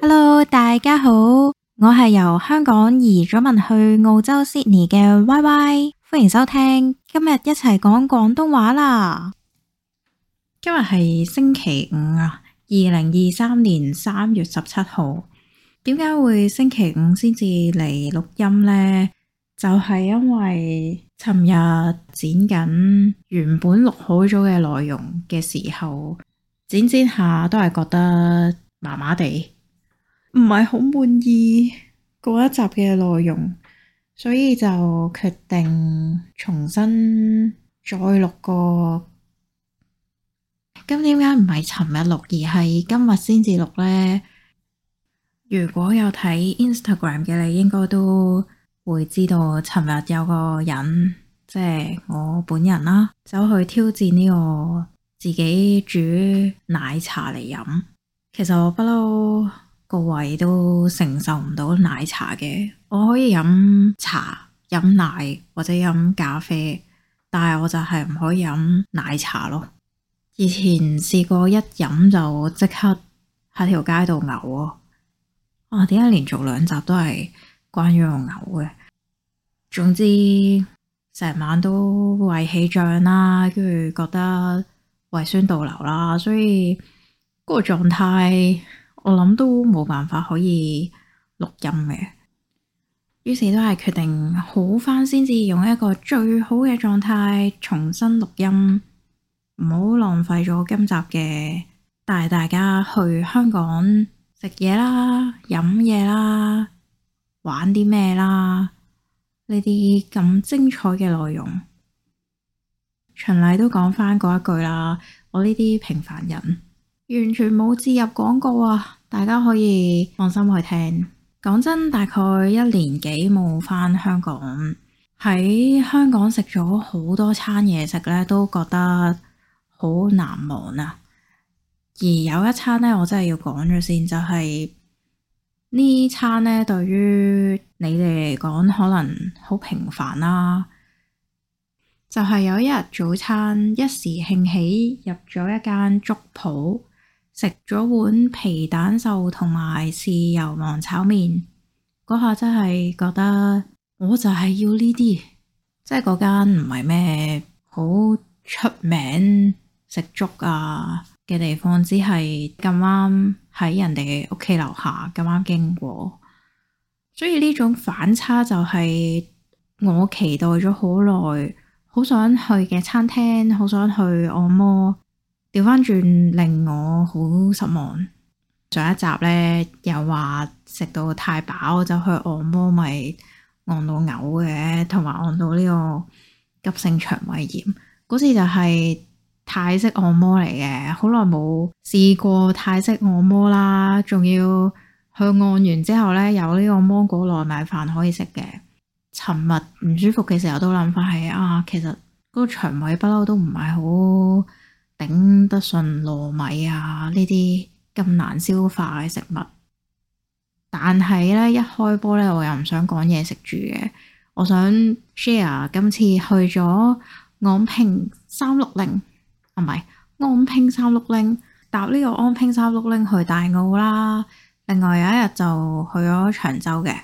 Hello，大家好，我係由香港移咗民去澳洲 Sydney 嘅 Y Y，歡迎收聽，今日一齊講廣東話啦。今日係星期五啊，二零二三年三月十七號。點解會星期五先至嚟錄音呢？就係因為尋日剪緊原本錄好咗嘅內容嘅時候，剪剪下都係覺得麻麻地，唔係好滿意嗰一集嘅內容，所以就決定重新再錄過。咁點解唔係尋日錄而係今日先至錄呢？如果有睇 Instagram 嘅你，應該都。會知道，尋日有個人即係、就是、我本人啦、啊，走去挑戰呢個自己煮奶茶嚟飲。其實我不嬲個胃都承受唔到奶茶嘅，我可以飲茶、飲奶或者飲咖啡，但係我就係唔可以飲奶茶咯。以前試過一飲就即刻喺條街度嘔。啊，點解連續兩集都係？關於我嘔嘅，總之成晚都胃氣脹啦，跟住覺得胃酸倒流啦，所以嗰、嗰個狀態我諗都冇辦法可以錄音嘅。於是都係決定好翻先至用一個最好嘅狀態重新錄音，唔好浪費咗今集嘅帶大家去香港食嘢啦、飲嘢啦。玩啲咩啦？呢啲咁精彩嘅內容，循例都講翻嗰一句啦。我呢啲平凡人完全冇植入廣告啊，大家可以放心去聽。講真，大概一年幾冇返香港，喺香港食咗好多餐嘢食咧，都覺得好難忘啊。而有一餐呢，我真係要講咗先，就係。呢餐咧，對於你哋嚟講可能好平凡啦，就係有一日早餐一時興起入咗一間粥鋪，食咗碗皮蛋瘦同埋豉油王炒麵，嗰下真係覺得我就係要呢啲，即係嗰間唔係咩好出名食粥啊嘅地方只係咁啱喺人哋屋企樓下咁啱經過，所以呢種反差就係我期待咗好耐，好想去嘅餐廳，好想去按摩，調翻轉令我好失望。上一集呢，又話食到太飽，就去按摩咪按到嘔嘅，同埋按到呢個急性腸胃炎。嗰次就係。泰式按摩嚟嘅，好耐冇試過泰式按摩啦。仲要去按完之後呢，有呢個芒果糯米飯可以食嘅。尋日唔舒服嘅時候，都諗翻起啊，其實嗰個腸胃不嬲都唔係好頂得順糯米啊，呢啲咁難消化嘅食物。但係呢一開波呢，我又唔想講嘢食住嘅，我想 share 今次去咗昂坪三六零。唔係昂坪三六零搭呢個昂坪三六零去大澳啦。另外有一日就去咗長洲嘅。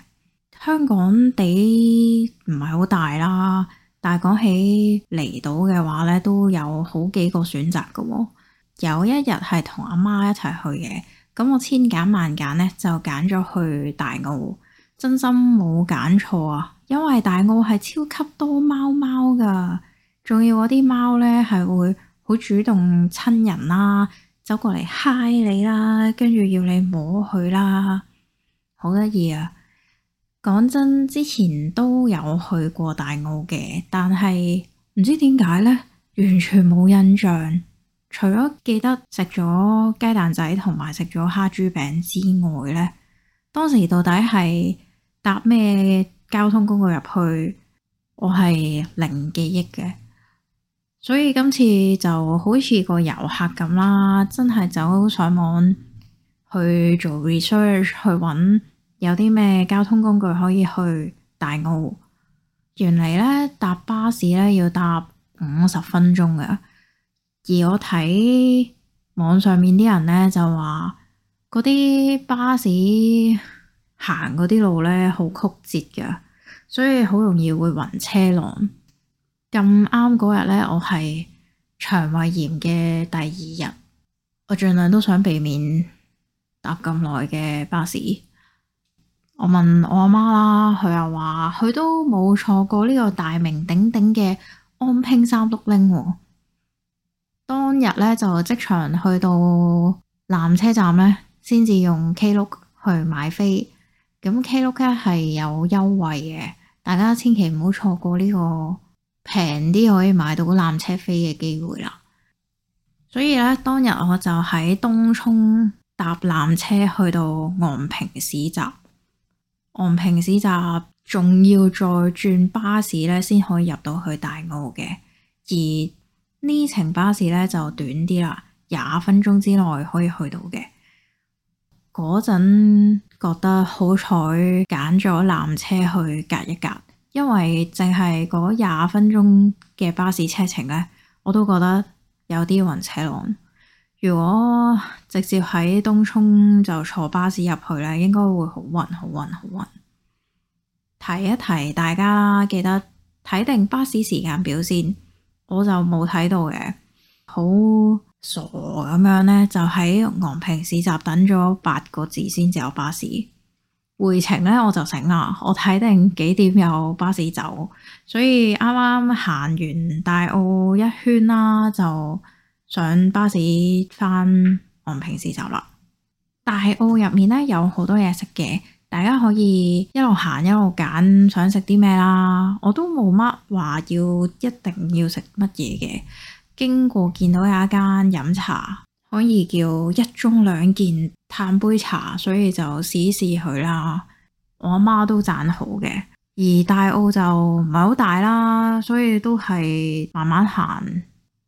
香港地唔係好大啦，但係講起離島嘅話咧，都有好幾個選擇嘅、哦。有一日係同阿媽一齊去嘅，咁我千揀萬揀咧就揀咗去大澳，真心冇揀錯啊！因為大澳係超級多貓貓噶，仲要嗰啲貓咧係會。好主動親人啦，走過嚟嗨你啦，跟住要你摸佢啦，好得意啊！講真，之前都有去過大澳嘅，但係唔知點解呢，完全冇印象。除咗記得食咗雞蛋仔同埋食咗蝦豬餅之外呢，當時到底係搭咩交通工具入去？我係零記憶嘅。所以今次就好似個遊客咁啦，真係走上網去做 research，去搵有啲咩交通工具可以去大澳。原嚟呢，搭巴士呢要搭五十分鐘嘅，而我睇網上面啲人呢，就話嗰啲巴士行嗰啲路呢好曲折嘅，所以好容易會暈車浪。咁啱嗰日呢，我係腸胃炎嘅第二日，我盡量都想避免搭咁耐嘅巴士。我問我阿媽啦，佢又話佢都冇錯過呢個大名鼎鼎嘅安平三碌拎。當日呢，就即場去到南車站呢，先至用 K 碌，去買飛。咁 K 碌咧係有優惠嘅，大家千祈唔好錯過呢、這個。平啲可以買到纜車飛嘅機會啦，所以呢，當日我就喺東涌搭纜車去到昂坪市集，昂坪市集仲要再轉巴士呢，先可以入到去大澳嘅，而呢程巴士呢，就短啲啦，廿分鐘之內可以去到嘅。嗰陣覺得好彩揀咗纜車去隔一隔。因為淨係嗰廿分鐘嘅巴士車程呢，我都覺得有啲暈車浪。如果直接喺東涌就坐巴士入去呢，應該會好暈、好暈、好暈。提一提大家啦，記得睇定巴士時間表先。我就冇睇到嘅，好傻咁樣呢，就喺昂坪市集等咗八個字先至有巴士。回程咧，我就醒啦，我睇定幾點有巴士走，所以啱啱行完大澳一圈啦，就上巴士翻昂平市走啦。大澳入面咧，有好多嘢食嘅，大家可以一路行一路揀想食啲咩啦。我都冇乜話要一定要食乜嘢嘅，經過見到有一間飲茶。可以叫一盅兩件嘆杯茶，所以就試一試佢啦。我阿媽都讚好嘅，而大澳就唔係好大啦，所以都係慢慢行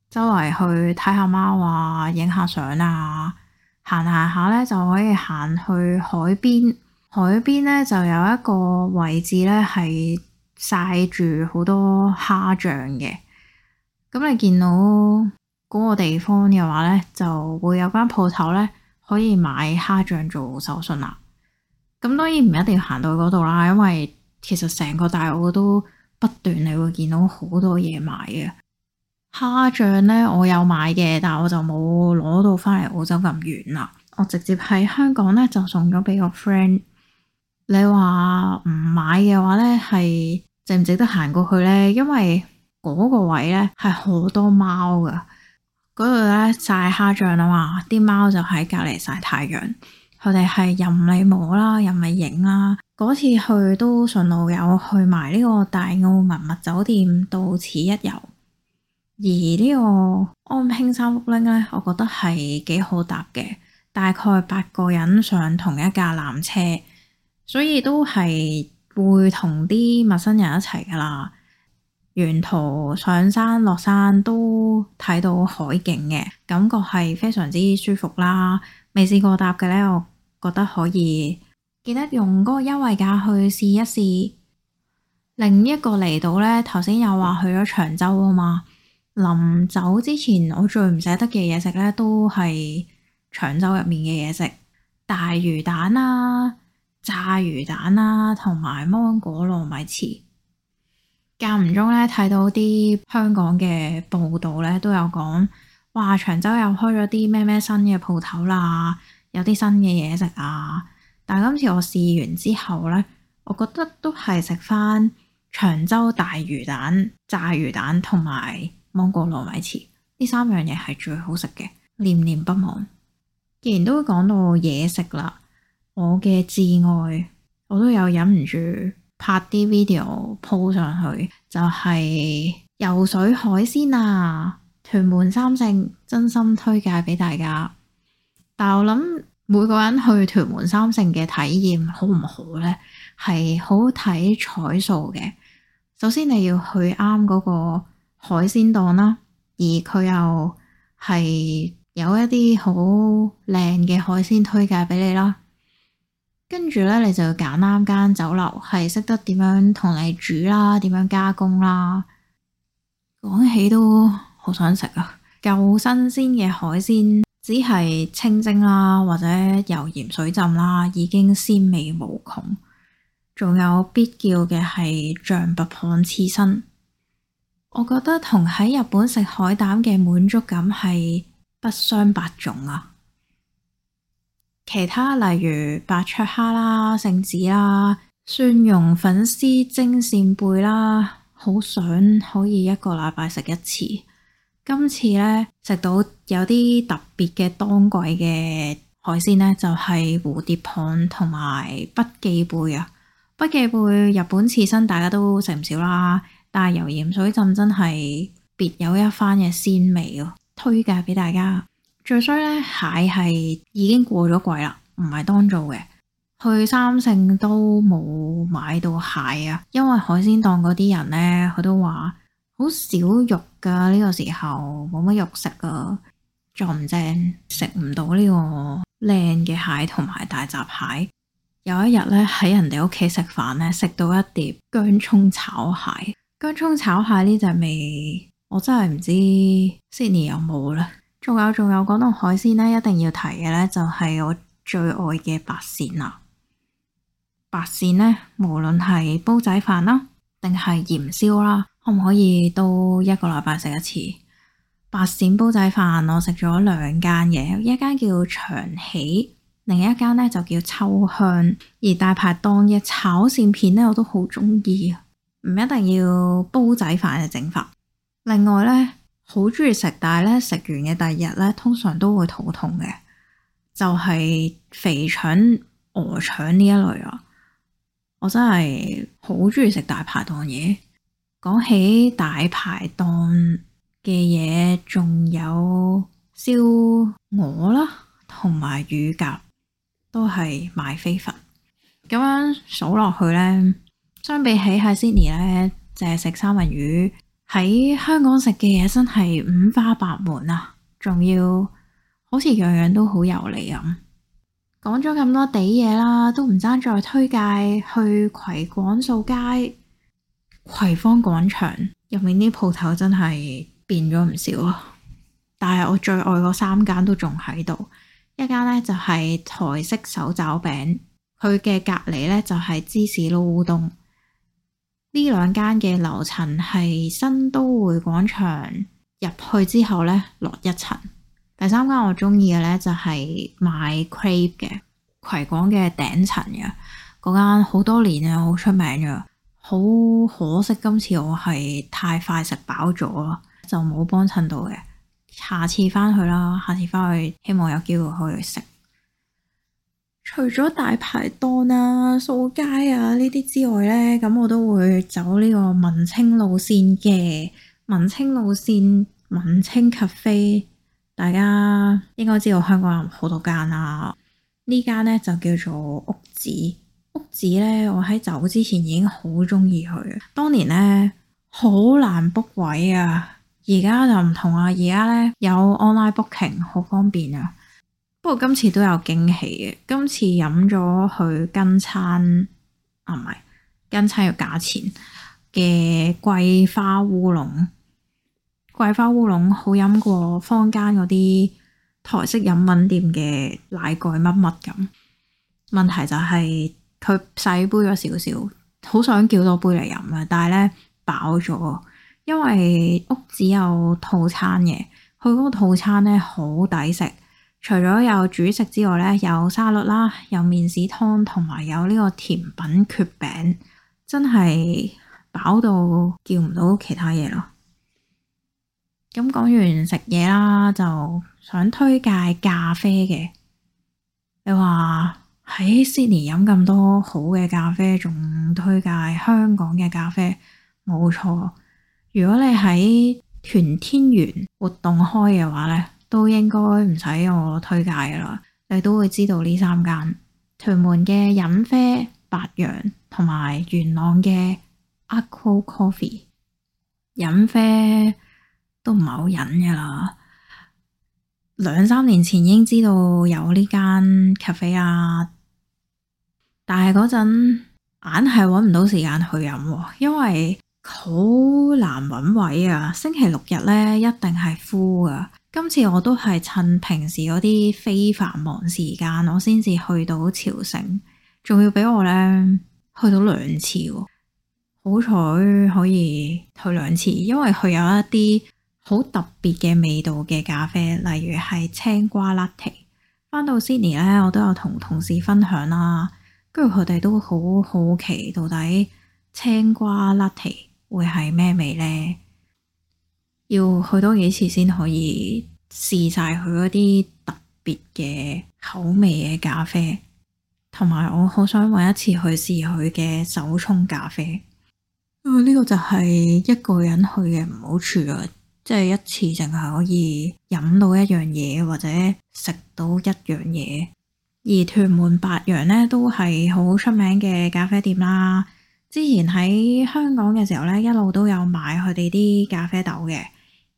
周圍去睇下貓啊，影下相啊，行行下呢就可以行去海邊。海邊呢就有一個位置呢係曬住好多蝦醬嘅，咁你見到。嗰個地方嘅話呢，就會有間鋪頭呢可以買蝦醬做手信啦。咁當然唔一定要行到去嗰度啦，因為其實成個大澳都不斷你會見到好多嘢買嘅蝦醬呢，我有買嘅，但係我就冇攞到翻嚟澳洲咁遠啦。我直接喺香港呢就送咗俾個 friend。你話唔買嘅話呢係值唔值得行過去呢？因為嗰個位呢係好多貓㗎。嗰度咧曬蝦醬啊嘛，啲貓就喺隔離曬太陽，佢哋係任你摸啦，任你影啦。嗰次去都順路有去埋呢個大澳文物酒店到此一遊。而呢個昂坪360咧，我覺得係幾好搭嘅，大概八個人上同一架纜車，所以都係會同啲陌生人一齊噶啦。沿途上山落山都睇到海景嘅感覺，係非常之舒服啦。未試過搭嘅呢，我覺得可以記得用嗰個優惠價去試一試。另一個離島呢，頭先有話去咗長洲啊嘛。臨走之前，我最唔捨得嘅嘢食呢，都係長洲入面嘅嘢食，大魚蛋啊、炸魚蛋啊，同埋芒果糯米糍。間唔中咧，睇到啲香港嘅報道咧，都有講，哇，長洲又開咗啲咩咩新嘅鋪頭啦，有啲新嘅嘢食啊！但係今次我試完之後呢，我覺得都係食翻長洲大魚蛋、炸魚蛋同埋芒果糯米糍呢三樣嘢係最好食嘅，念念不忘。既然都講到嘢食啦，我嘅至愛，我都有忍唔住。拍啲 video 鋪上去就係、是、游水海鮮啊，屯門三聖真心推介俾大家。但係我諗每個人去屯門三聖嘅體驗好唔好呢？係好睇彩數嘅。首先你要去啱嗰個海鮮檔啦，而佢又係有一啲好靚嘅海鮮推介俾你啦。跟住咧，你就要揀啱間酒樓，係識得點樣同你煮啦，點樣加工啦。講起都好想食啊！夠新鮮嘅海鮮，只係清蒸啦，或者油鹽水浸啦，已經鮮味無窮。仲有必叫嘅係象拔蚌刺身，我覺得同喺日本食海膽嘅滿足感係不相伯仲啊！其他例如白灼蝦啦、聖子啦、蒜蓉粉絲蒸扇貝啦，好想可以一個禮拜食一次。今次呢，食到有啲特別嘅當季嘅海鮮呢，就係蝴蝶蚌同埋北寄貝啊！北寄貝日本刺身大家都食唔少啦，但係油鹽水浸真係別有一番嘅鮮味哦，推介俾大家。最衰咧，蟹係已經過咗季啦，唔係當造嘅。去三聖都冇買到蟹啊，因為海鮮檔嗰啲人咧，佢都話好少肉噶呢個時候，冇乜肉食啊，做唔正，食唔到呢個靚嘅蟹同埋大閘蟹。有一日咧喺人哋屋企食飯咧，食到一碟薑蔥炒蟹，薑蔥炒蟹呢隻味，我真係唔知 Sydney 有冇咧。仲有仲有講到海鮮呢，一定要提嘅呢，就係我最愛嘅白鱔啦。白鱔呢，無論係煲仔飯啦，定係鹽燒啦，可唔可以都一個禮拜食一次？白鱔煲仔飯我食咗兩間嘢，一間叫祥囍，另一間呢就叫秋香。而大排檔嘅炒鱔片呢，我都好中意啊！唔一定要煲仔飯嘅整法。另外呢，好中意食，但係咧，食完嘅第二日咧，通常都會肚痛嘅，就係、是、肥腸、鵝腸呢一類啊！我真係好中意食大排檔嘢。講起大排檔嘅嘢，仲有燒鵝啦，同埋乳鴿都係賣飛佛。咁樣數落去咧，相比起喺悉尼咧，淨係食三文魚。喺香港食嘅嘢真係五花八門啊，仲要好似樣樣都好油膩咁。講咗咁多地嘢啦，都唔爭再推介去葵廣掃街、葵芳廣場入面啲鋪頭，真係變咗唔少啊。但係我最愛嗰三間都仲喺度，一間呢就係台式手抓餅，佢嘅隔籬呢就係芝士撈烏冬。呢兩間嘅樓層係新都會廣場入去之後咧落一層。第三間我中意嘅，咧就係賣 crepe 嘅葵廣嘅頂層嘅嗰間，好多年啊，好出名嘅。好可惜今次我係太快食飽咗咯，就冇幫襯到嘅。下次翻去啦，下次翻去希望有機會可以去食。除咗大排檔啊、掃街啊呢啲之外呢，咁我都會走呢個文青路線嘅文青路線文青 cafe，大家應該知道香港有好多間啦。呢間呢就叫做屋子，屋子呢，我喺走之前已經好中意佢。當年呢，好難 book 位啊，而家就唔同啊，而家呢，有 online booking，好方便啊。不過今次都有驚喜嘅，今次飲咗佢跟餐啊，唔係跟餐嘅價錢嘅桂花烏龍，桂花烏龍好飲過坊間嗰啲台式飲品店嘅奶蓋乜乜咁。問題就係佢細杯咗少少，好想叫多杯嚟飲啊！但係呢，飽咗，因為屋只有套餐嘅，佢嗰個套餐呢，好抵食。除咗有主食之外咧，有沙律啦，有麵豉湯同埋有呢個甜品蕨餅，真係飽到叫唔到其他嘢咯。咁講完食嘢啦，就想推介咖啡嘅。你話喺 Sydney 飲咁多好嘅咖啡，仲推介香港嘅咖啡？冇錯，如果你喺屯天元活動開嘅話咧，都應該唔使我推介啦，你都會知道呢三間屯門嘅隱啡、白羊同埋元朗嘅 Accro Coffee 隱啡都唔係好飲噶啦。兩三年前已經知道有呢間 cafe 啊，但係嗰陣硬係揾唔到時間去飲喎，因為好難揾位啊！星期六日呢，一定係 full 噶。今次我都係趁平時嗰啲非繁忙時間，我先至去到朝聖，仲要俾我咧去到兩次。好彩可以去兩次，因為佢有一啲好特別嘅味道嘅咖啡，例如係青瓜 latte。翻到悉尼咧，我都有同同事分享啦，跟住佢哋都好好奇到底青瓜 latte 會係咩味咧。要去多幾次先可以試晒佢嗰啲特別嘅口味嘅咖啡，同埋我好想揾一次去試佢嘅手沖咖啡。啊、呃，呢、這個就係一個人去嘅唔好處啊，即、就、係、是、一次淨係可以飲到一樣嘢或者食到一樣嘢。而屯門白羊呢，都係好出名嘅咖啡店啦。之前喺香港嘅時候呢，一路都有買佢哋啲咖啡豆嘅。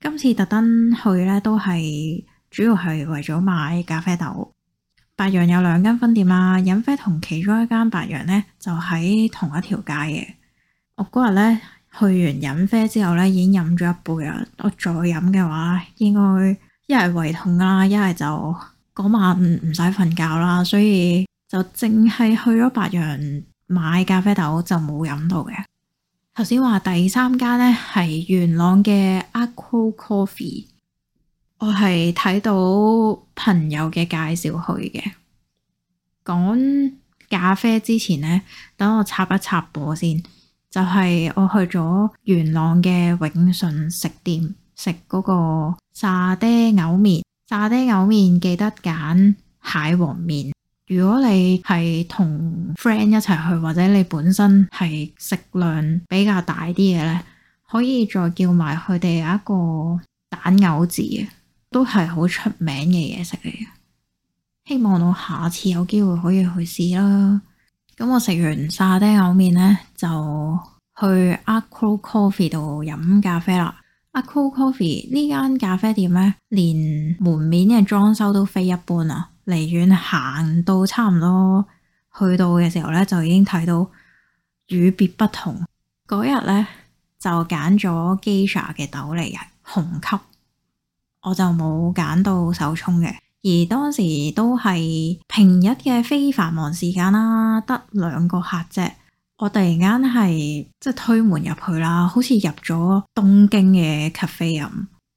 今次特登去咧，都係主要係為咗買咖啡豆。白羊有兩間分店啦，隱啡同其中一間白羊咧就喺同一條街嘅。我嗰日咧去完隱啡之後咧，已經飲咗一杯啦。我再飲嘅話，應該一係胃痛啦，一係就嗰晚唔使瞓覺啦。所以就淨係去咗白羊買咖啡豆就，就冇飲到嘅。頭先話第三間呢係元朗嘅 Accro Coffee，我係睇到朋友嘅介紹去嘅。講咖啡之前呢，等我插一插播先，就係、是、我去咗元朗嘅永順食店食嗰個炸爹牛麵，炸爹牛麵記得揀蟹黃麵。如果你係同 friend 一齊去，或者你本身係食量比較大啲嘅呢，可以再叫埋佢哋一個蛋餃子都係好出名嘅嘢食嚟嘅。希望我下次有機會可以去試啦。咁我食完沙爹牛麵呢，就去 Accro Coffee 度飲咖啡啦。Accro Coffee 呢間咖啡店呢，連門面嘅裝修都非一般啊！離遠行到差唔多去到嘅時候呢，就已經睇到與別不同。嗰日呢，就揀咗 Geisha 嘅豆嚟，紅級，我就冇揀到手沖嘅。而當時都係平日嘅非繁忙時間啦，得兩個客啫。我突然間係即係推門入去啦，好似入咗東京嘅 cafe 咁，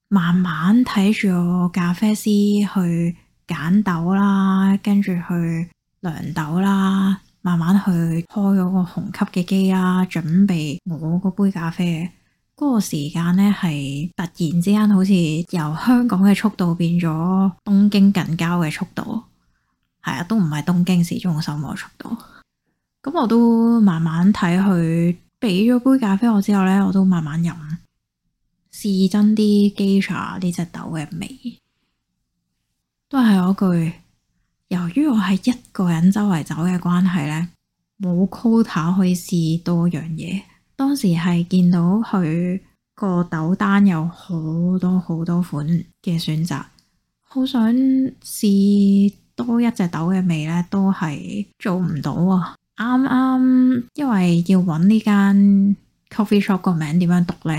慢慢睇住咖啡師去。揀豆啦，跟住去涼豆啦，慢慢去開咗個紅級嘅機啦，準備我嗰杯咖啡嗰個時間呢，係突然之間好似由香港嘅速度變咗東京近郊嘅速度，係啊，都唔係東京市中心嘅速度。咁我都慢慢睇佢俾咗杯咖啡我之後呢，我都慢慢飲，試真啲機茶呢隻豆嘅味。都係嗰句，由於我係一個人周圍走嘅關係呢，冇 quota 可以試多樣嘢。當時係見到佢個豆單有好多好多款嘅選擇，好想試多一隻豆嘅味呢，都係做唔到啊！啱啱因為要揾呢間 coffee shop 個名點樣讀呢？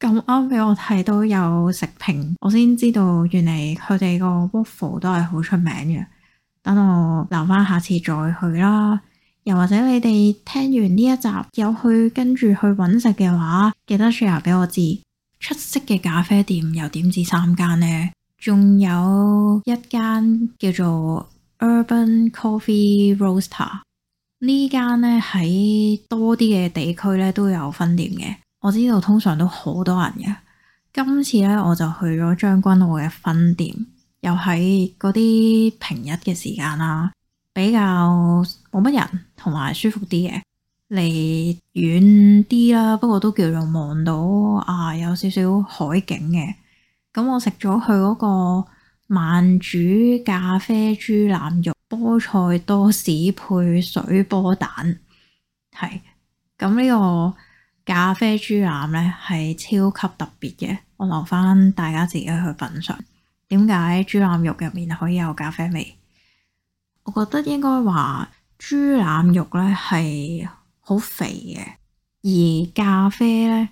咁啱俾我睇到有食評，我先知道原嚟佢哋個 waffle 都係好出名嘅。等我留翻下次再去啦。又或者你哋聽完呢一集有去跟住去揾食嘅話，記得 share 俾我知。出色嘅咖啡店又點止三間呢？仲有一間叫做 Urban Coffee Roaster，呢間呢，喺多啲嘅地區呢都有分店嘅。我知道通常都好多人嘅，今次呢，我就去咗將軍澳嘅分店，又喺嗰啲平日嘅時間啦，比較冇乜人，同埋舒服啲嘅，離遠啲啦，不過都叫做望到啊，有少少海景嘅。咁我食咗佢嗰個慢煮咖啡豬腩肉菠菜多士配水波蛋，係咁呢個。咖啡豬腩咧，係超級特別嘅，我留翻大家自己去品嘗。點解豬腩肉入面可以有咖啡味？我覺得應該話豬腩肉咧，係好肥嘅，而咖啡咧，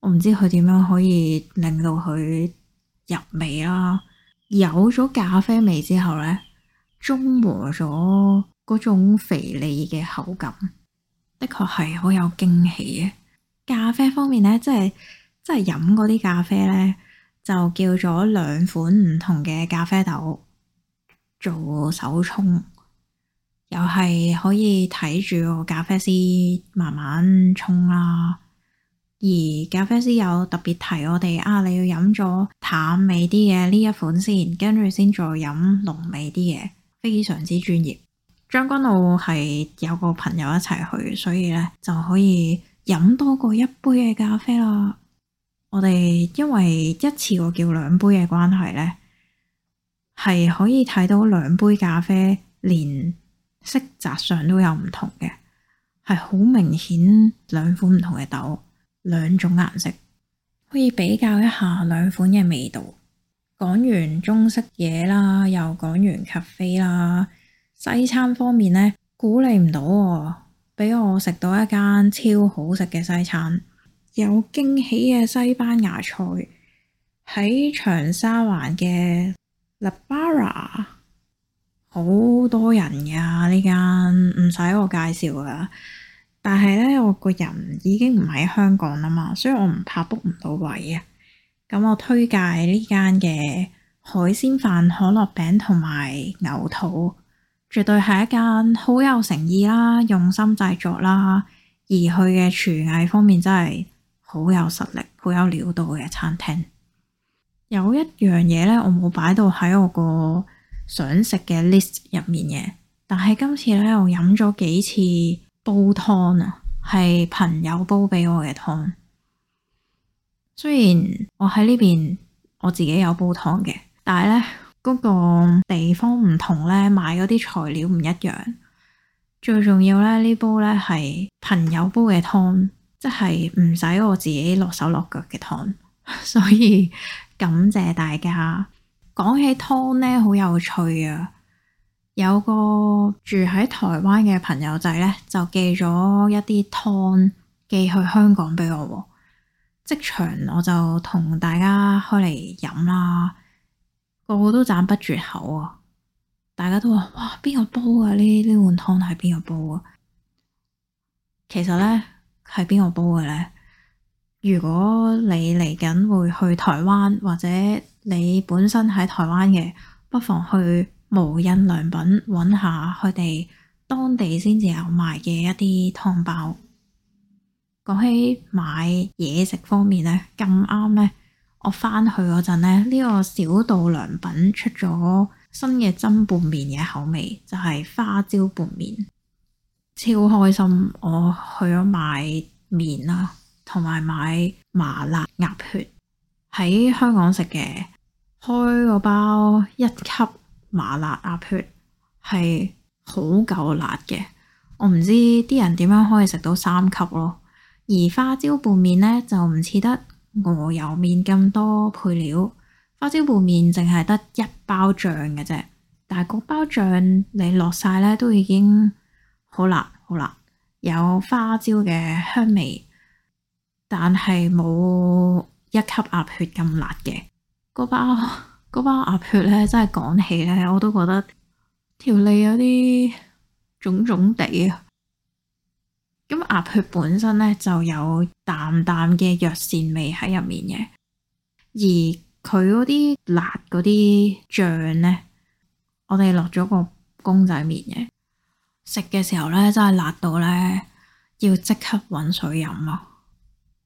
我唔知佢點樣可以令到佢入味啦。有咗咖啡味之後咧，中和咗嗰種肥膩嘅口感。的確係好有驚喜。咖啡方面呢，即係即係飲嗰啲咖啡呢，就叫咗兩款唔同嘅咖啡豆做手沖，又係可以睇住個咖啡師慢慢沖啦。而咖啡師有特別提我哋啊，你要飲咗淡味啲嘅呢一款先，跟住先再飲濃味啲嘅，非常之專業。將軍澳係有個朋友一齊去，所以呢就可以飲多過一杯嘅咖啡啦。我哋因為一次過叫兩杯嘅關係呢，係可以睇到兩杯咖啡連色澤上都有唔同嘅，係好明顯兩款唔同嘅豆，兩種顏色可以比較一下兩款嘅味道。講完中式嘢啦，又講完咖啡啦。西餐方面呢，鼓勵唔到哦。俾我食到一間超好食嘅西餐，有驚喜嘅西班牙菜喺長沙環嘅 La Bara，r 好多人噶，呢間唔使我介紹啦。但係呢，我個人已經唔喺香港啦嘛，所以我唔怕 book 唔到位啊。咁我推介呢間嘅海鮮飯、可樂餅同埋牛肚。絕對係一間好有誠意啦、用心製作啦，而佢嘅廚藝方面真係好有實力、好有料到嘅餐廳。有一樣嘢呢，我冇擺到喺我個想食嘅 list 入面嘅，但係今次呢，我飲咗幾次煲湯啊，係朋友煲俾我嘅湯。雖然我喺呢邊我自己有煲湯嘅，但係呢。嗰個地方唔同呢，買嗰啲材料唔一樣。最重要呢，呢煲呢係朋友煲嘅湯，即係唔使我自己落手落腳嘅湯，所以感謝大家。講起湯呢，好有趣啊！有個住喺台灣嘅朋友仔呢，就寄咗一啲湯寄去香港俾我。即場我就同大家開嚟飲啦。個個都讚不絕口啊！大家都話：哇，邊個煲啊？呢呢碗湯係邊個煲啊？其實咧，係邊個煲嘅咧？如果你嚟緊會去台灣，或者你本身喺台灣嘅，不妨去無印良品搵下佢哋當地先至有賣嘅一啲湯包。講起買嘢食方面咧，咁啱咧。我翻去嗰陣呢，呢個小杜良品出咗新嘅蒸拌麵嘅口味，就係花椒拌麵，超開心！我去咗買麵啦，同埋買麻辣鴨血喺香港食嘅，開個包一級麻辣鴨血係好夠辣嘅，我唔知啲人點樣可以食到三級咯。而花椒拌麵呢，就唔似得。鵝油麵咁多配料，花椒拌麵淨係得一包醬嘅啫。但係嗰包醬你落晒咧，都已經好辣，好辣。有花椒嘅香味，但係冇一級鴨血咁辣嘅。嗰包嗰包鴨血咧，真係講起咧，我都覺得條脷有啲腫腫地啊～咁鴨血本身咧就有淡淡嘅藥膳味喺入面嘅，而佢嗰啲辣嗰啲醬咧，我哋落咗個公仔麵嘅，食嘅時候咧真係辣到咧要即刻揾水飲啊！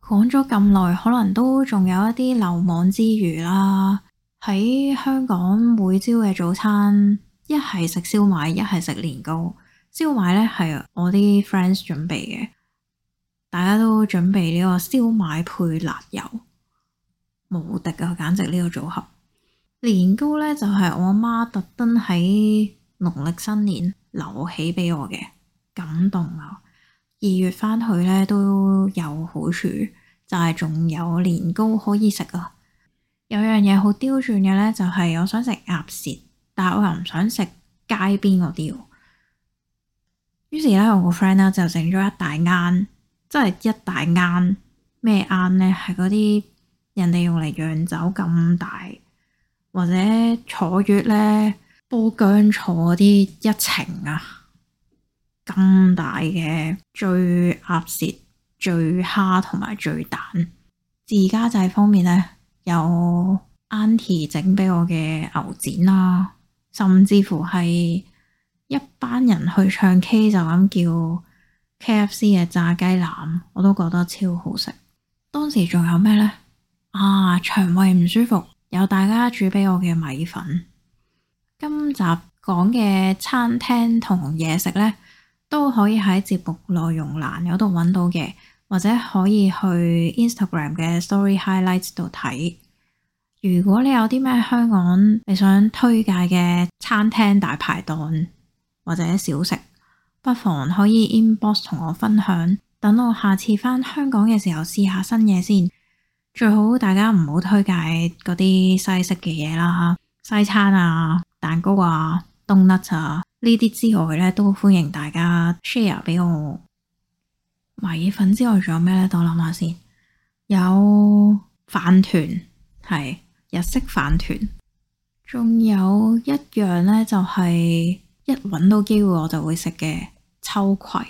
講咗咁耐，可能都仲有一啲漏網之魚啦。喺香港每朝嘅早餐，一係食燒賣，一係食年糕。燒麥咧，係我啲 friends 準備嘅，大家都準備呢個燒賣配辣油，無敵啊！簡直呢個組合。年糕咧就係我阿媽特登喺農曆新年留起俾我嘅，感動啊！二月翻去咧都有好處，就係、是、仲有年糕可以食啊。有樣嘢好刁鑽嘅咧，就係我想食鴨舌，但係我又唔想食街邊嗰啲。於是咧，我個 friend 咧就整咗一大罌，真係一大罌咩罌咧？係嗰啲人哋用嚟釀酒咁大，或者坐月咧煲薑坐嗰啲一程啊，咁大嘅醉鴨舌、醉蝦同埋醉蛋。自家製方面咧，有 Auntie 整俾我嘅牛展啦、啊，甚至乎係。一班人去唱 K 就咁叫 KFC 嘅炸雞腩，我都覺得超好食。當時仲有咩呢？啊，腸胃唔舒服，有大家煮俾我嘅米粉。今集講嘅餐廳同嘢食呢，都可以喺節目內容欄嗰度揾到嘅，或者可以去 Instagram 嘅 Story Highlights 度睇。如果你有啲咩香港你想推介嘅餐廳大排檔，或者小食，不妨可以 inbox 同我分享，等我下次返香港嘅時候試下新嘢先。最好大家唔好推介嗰啲西式嘅嘢啦，西餐啊、蛋糕啊、donut 啊呢啲之外呢，都歡迎大家 share 俾我。米粉之外仲有咩呢？等我諗下先。有飯團係日式飯團，仲有一樣呢，就係、是。一揾到機會我就會食嘅秋葵，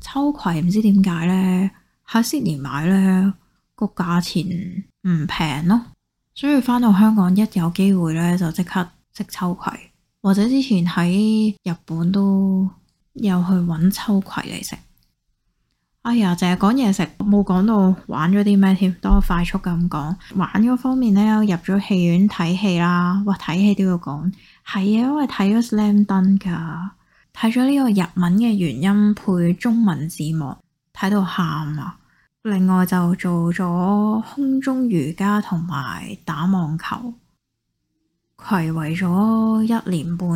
秋葵唔知點解呢？喺悉尼買呢個價錢唔平咯，所以翻到香港一有機會呢，就即刻食秋葵，或者之前喺日本都有去揾秋葵嚟食。哎呀，淨係講嘢食冇講到玩咗啲咩添，當我快速咁講玩嗰方面呢，入咗戲院睇戲啦，哇睇戲都要講。係啊，因為睇咗《Slam Dunk》㗎，睇咗呢個日文嘅原音配中文字幕，睇到喊啊。另外就做咗空中瑜伽同埋打網球，攰為咗一年半，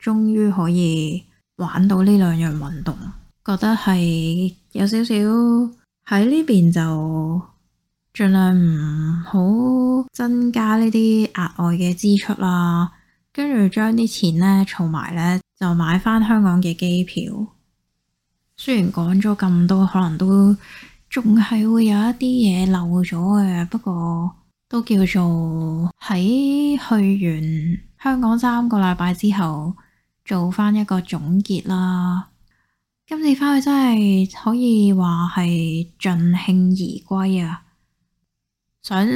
終於可以玩到呢兩樣運動。覺得係有少少喺呢邊就盡量唔好增加呢啲額外嘅支出啦。跟住將啲錢呢儲埋呢，就買返香港嘅機票。雖然講咗咁多，可能都仲係會有一啲嘢漏咗嘅，不過都叫做喺去完香港三個禮拜之後做返一個總結啦。今次返去真係可以話係盡興而歸啊！想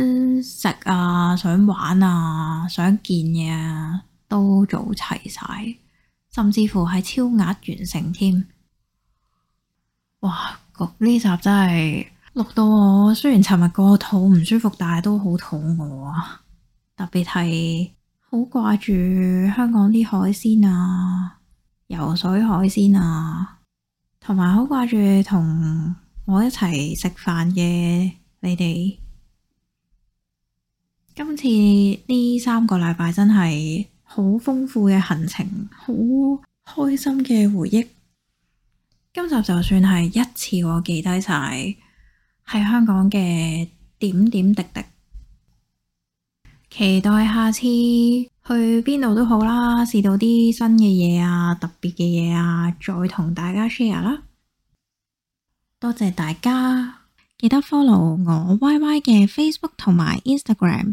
食啊，想玩啊，想見啊，都做齊晒，甚至乎係超額完成添。哇！呢集真係錄到我，雖然尋日個肚唔舒服，但係都好肚餓啊。特別係好掛住香港啲海鮮啊，游水海鮮啊，同埋好掛住同我一齊食飯嘅你哋。今次呢三個禮拜真係好豐富嘅行程，好開心嘅回憶。今集就算係一次，我記低晒喺香港嘅點點滴滴。期待下次去邊度都好啦，試到啲新嘅嘢啊，特別嘅嘢啊，再同大家 share 啦。多謝大家，記得 follow 我 Y Y 嘅 Facebook 同埋 Instagram。